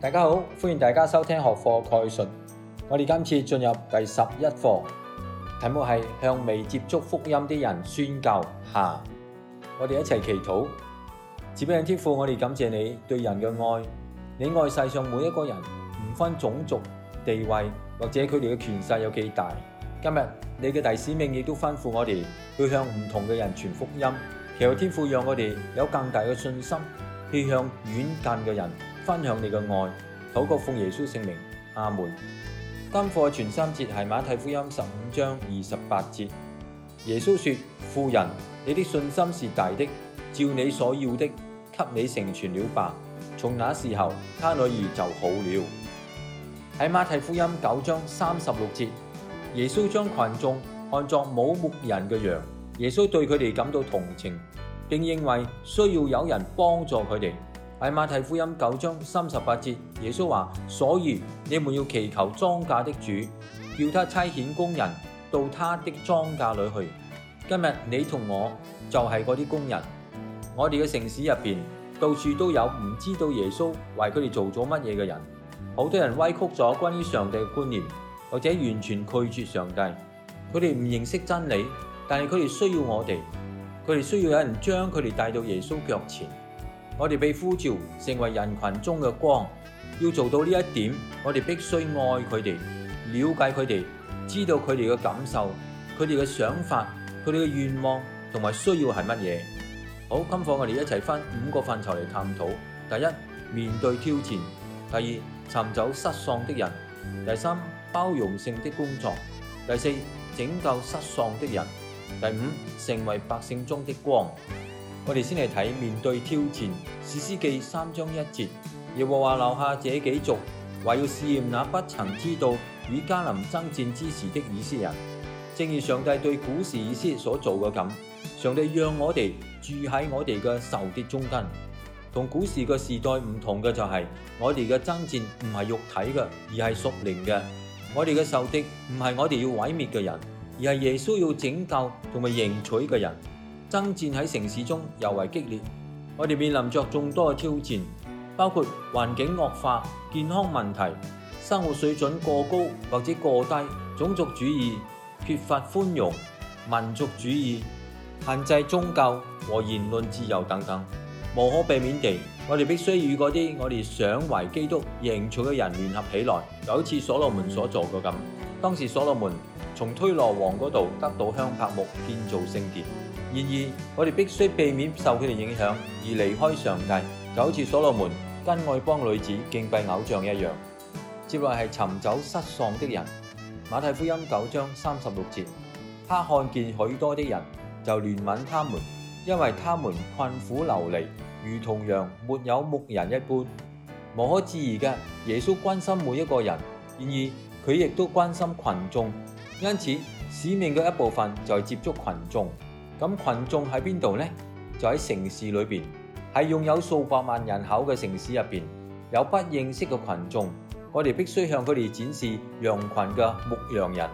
大家好，歡迎大家收聽學課概述。我哋今次進入第十一課，題目係向未接觸福音的人宣教。下，我哋一齊祈禱，主俾人天父，我哋感謝你對人嘅愛，你愛世上每一個人，唔分種族、地位或者佢哋嘅權勢有幾大。今日你嘅大使命亦都吩咐我哋去向唔同嘅人傳福音，求天父讓我哋有更大嘅信心去向遠近嘅人。分享你嘅愛，禱告奉耶穌聖名，阿門。今課全三節係馬太福音十五章二十八節，耶穌說：婦人，你的信心是大的，照你所要的，給你成全了吧。從那時候，他女兒就好了。喺馬太福音九章三十六節，耶穌將群眾看作冇牧人嘅羊，耶穌對佢哋感到同情，並認為需要有人幫助佢哋。喺馬太福音九章三十八節，耶穌話：所以你們要祈求莊稼的主，叫他差遣工人到他的莊稼裏去。今日你同我就係嗰啲工人，我哋嘅城市入面，到處都有唔知道耶穌為佢哋做咗乜嘢嘅人，好多人歪曲咗關於上帝嘅觀念，或者完全拒絕上帝，佢哋唔認識真理，但係佢哋需要我哋，佢哋需要有人將佢哋帶到耶穌腳前。我哋被呼召成為人群中嘅光，要做到呢一點，我哋必須愛佢哋，了解佢哋，知道佢哋嘅感受、佢哋嘅想法、佢哋嘅願望同埋需要係乜嘢。好，今課我哋一齊分五個範疇嚟探討：第一，面對挑戰；第二，尋找失喪的人；第三，包容性的工作；第四，拯救失喪的人；第五，成為百姓中的光。我哋先嚟睇面對挑戰，士師記三章一節，耶和華留下這幾族，為要試驗那不曾知道與迦南爭戰之時的以色列人，正如上帝對古時以色列所做嘅咁。上帝讓我哋住喺我哋嘅仇敵中間，同古時嘅時代唔同嘅就係、是、我哋嘅爭戰唔係肉體嘅，而係屬靈嘅。我哋嘅仇敵唔係我哋要毀滅嘅人，而係耶穌要拯救同埋迎取嘅人。爭戰喺城市中尤為激烈，我哋面臨着眾多嘅挑戰，包括環境惡化、健康問題、生活水準過高或者過低、種族主義、缺乏寬容、民族主義、限制宗教和言論自由等等。無可避免地，我哋必須與嗰啲我哋想為基督認錯嘅人聯合起來，就好似所羅門所做嘅咁。當時所羅門從推羅王嗰度得到香柏木，建造聖殿。然而，我哋必須避免受佢哋影響而離開上帝，就好似所羅門跟外邦女子敬拜偶像一樣。接下來係尋找失喪的人，馬太福音九章三十六節。他看見許多的人就憐憫他們，因為他們困苦流離，如同羊沒有牧人一般。無可置疑嘅，耶穌關心每一個人，然而佢亦都關心群眾，因此使命嘅一部分就係接觸群眾。咁群眾喺邊度呢？就喺城市裏邊，係擁有數百萬人口嘅城市入面，有不認識嘅群眾。我哋必須向佢哋展示羊群嘅牧羊人。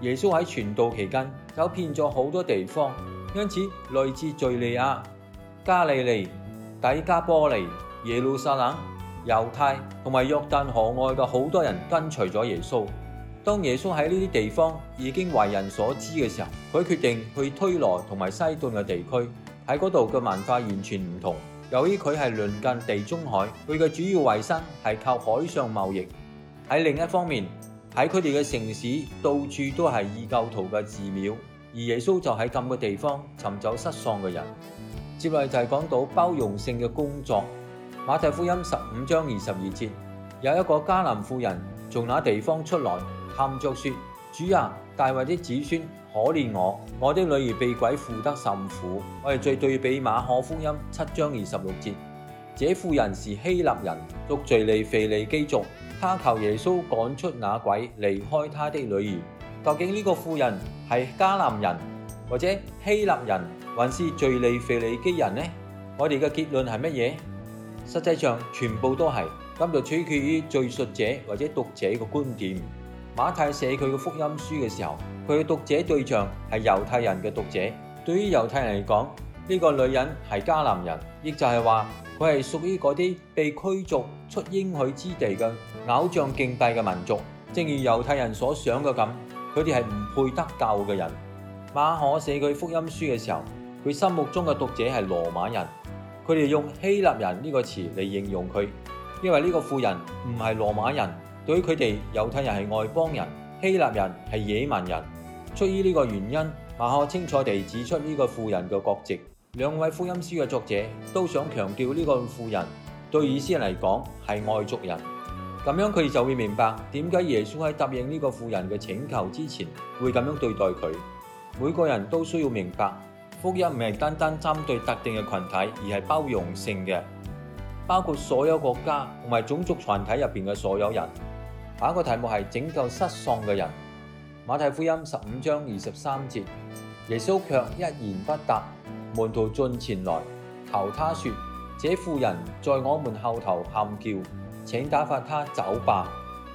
耶穌喺傳道期間走遍咗好多地方，因此來自敍利亞、加利利、底加波利、耶路撒冷、猶太同埋約旦河外嘅好多人跟隨咗耶穌。當耶穌喺呢啲地方已經為人所知嘅時候，佢決定去推羅同埋西頓嘅地區。喺嗰度嘅文化完全唔同。由於佢係鄰近地中海，佢嘅主要維生係靠海上貿易。喺另一方面，喺佢哋嘅城市到處都係異教徒嘅寺廟，而耶穌就喺咁嘅地方尋找失喪嘅人。接嚟就係講到包容性嘅工作。馬太福音十五章二十二節，有一個迦南婦人從那地方出來。喊着說：主啊，大衛的子孫可憐我，我的女兒被鬼附得甚苦。我哋再對比馬可福音七章二十六節，這婦人是希臘人，屬敘利腓尼基族。她求耶穌趕出那鬼，離開她的女兒。究竟呢個婦人係迦南人，或者希臘人，還是敘利腓尼基人呢？我哋嘅結論係乜嘢？實際上全部都係咁就取決於敘述者或者讀者嘅觀點。馬太寫佢嘅福音書嘅時候，佢嘅讀者對象係猶太人嘅讀者。對於猶太人嚟講，呢個女人係迦南人，亦就係話佢係屬於嗰啲被驅逐出應許之地嘅偶像敬拜嘅民族。正如猶太人所想嘅咁，佢哋係唔配得救嘅人。馬可寫佢福音書嘅時候，佢心目中嘅讀者係羅馬人，佢哋用希臘人呢個詞嚟形容佢，因為呢個婦人唔係羅馬人。對於佢哋，猶太人係外邦人，希臘人係野蠻人。出於呢個原因，馬可清楚地指出呢個富人嘅國籍。兩位福音書嘅作者都想強調呢個富人對於斯人嚟講係外族人。噉樣佢哋就會明白點解耶穌喺答應呢個富人嘅請求之前會噉樣對待佢。每個人都需要明白，福音唔係單單針對特定嘅群體，而係包容性嘅，包括所有國家同埋種族團體入面嘅所有人。下一個題目係拯救失喪嘅人。馬太福音十五章二十三節，耶穌卻一言不答。門徒進前來求他說：這婦人在我們後頭喊叫，請打發他走吧。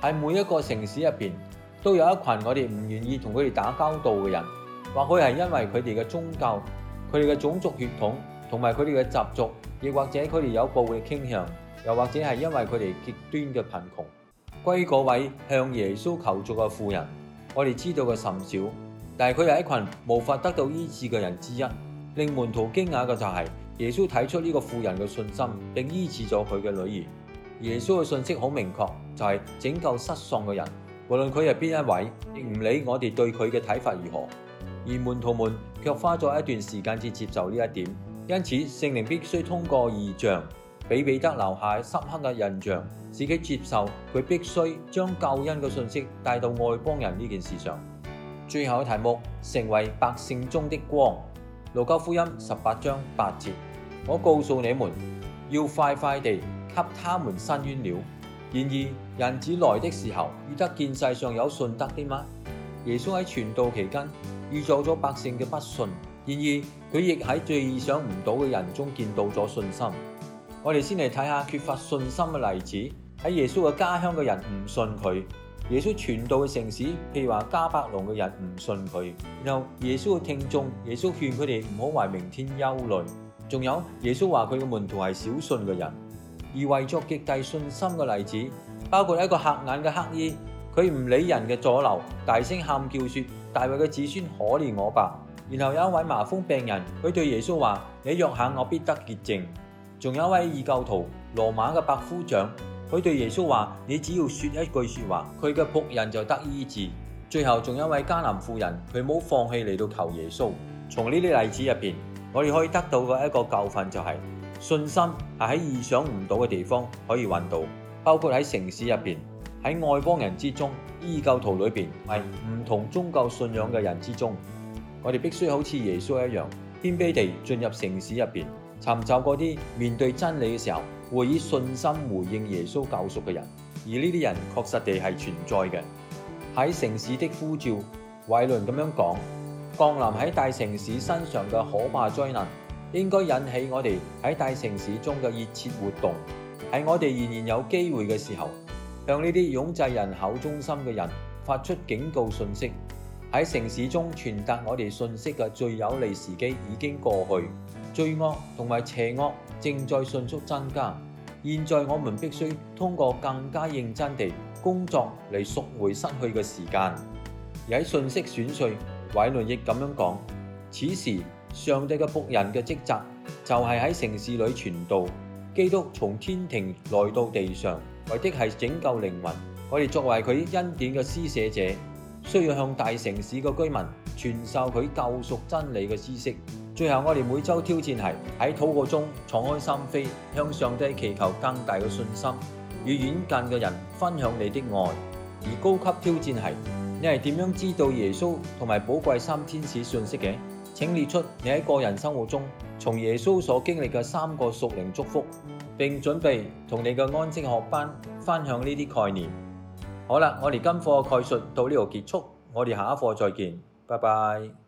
在每一個城市入面，都有一群我哋唔願意同佢哋打交道嘅人，或許係因為佢哋嘅宗教、佢哋嘅種族血統同埋佢哋嘅習俗，亦或者佢哋有暴力傾向，又或者係因為佢哋極端嘅貧窮。歸嗰位向耶穌求助嘅婦人，我哋知道嘅甚少，但係佢係一群無法得到醫治嘅人之一。令門徒驚訝嘅就係耶穌睇出呢個婦人嘅信心，並醫治咗佢嘅女兒。耶穌嘅信息好明確，就係拯救失喪嘅人，無論佢係邊一位，亦唔理我哋對佢嘅睇法如何。而門徒們卻花咗一段時間至接受呢一點，因此聖靈必須通過異象。俾彼，彼得留下的深刻嘅印象，自己接受佢必須將救恩嘅信息帶到外邦人呢件事上。最後嘅題目，成為百姓中的光，路加福音十八章八節。我告訴你們，要快快地給他們伸冤了。然而，人子來的時候，遇得見世上有信德的嗎？耶穌喺傳道期間，遇到咗百姓嘅不信，然而佢亦喺最意想唔到嘅人中見到咗信心。我哋先嚟睇下缺乏信心嘅例子，喺耶穌嘅家鄉嘅人唔信佢。耶穌傳道嘅城市，譬如話迦百農嘅人唔信佢。然後耶穌嘅聽眾，耶穌勸佢哋唔好為明天憂慮。仲有耶穌話佢嘅門徒係小信嘅人。而為作極大信心嘅例子，包括一個瞎眼嘅黑衣，佢唔理人嘅阻留，大聲喊叫說大衛嘅子孫可憐我吧。然後有一位麻風病人，佢對耶穌話：你若肯，我必得潔淨。仲有一位異教徒羅馬嘅百夫長，佢對耶穌話：你只要說一句說話，佢嘅僕人就得醫治。最後仲有一位迦南婦人，佢冇放棄嚟到求耶穌。從呢啲例子入邊，我哋可以得到嘅一個教訓就係、是，信心係喺意想不到嘅地方可以搵到，包括喺城市入邊，喺外邦人之中，異教徒裏邊，喺唔同宗教信仰嘅人之中，我哋必須好似耶穌一樣謙卑地進入城市入邊。尋找嗰啲面對真理嘅時候會以信心回應耶穌教誨嘅人，而呢啲人確實地係存在嘅。喺城市的呼召，懷倫咁樣講，降臨喺大城市身上嘅可怕災難，應該引起我哋喺大城市中嘅熱切活動。喺我哋仍然有機會嘅時候，向呢啲擁擠人口中心嘅人發出警告信息。喺城市中傳達我哋信息嘅最有利時機已經過去。罪惡同埋邪惡正在迅速增加，現在我們必須通過更加認真地工作嚟贖回失去嘅時間。而喺信息選粹，偉倫亦咁樣講。此時，上帝嘅僕人嘅職責就係喺城市裏傳道。基督從天庭來到地上，為的係拯救靈魂。我哋作為佢恩典嘅施捨者，需要向大城市嘅居民傳授佢救贖真理嘅知識。最後我哋每周挑戰係喺禱告中敞開心扉，向上帝祈求更大嘅信心，與遠近嘅人分享你的愛。而高級挑戰係，你係點樣知道耶穌同埋寶貴三天使信息嘅？請列出你喺個人生活中從耶穌所經歷嘅三個屬靈祝福，並準備同你嘅安息學班分享呢啲概念。好啦，我哋今課嘅概述到呢度結束，我哋下一課再見，拜拜。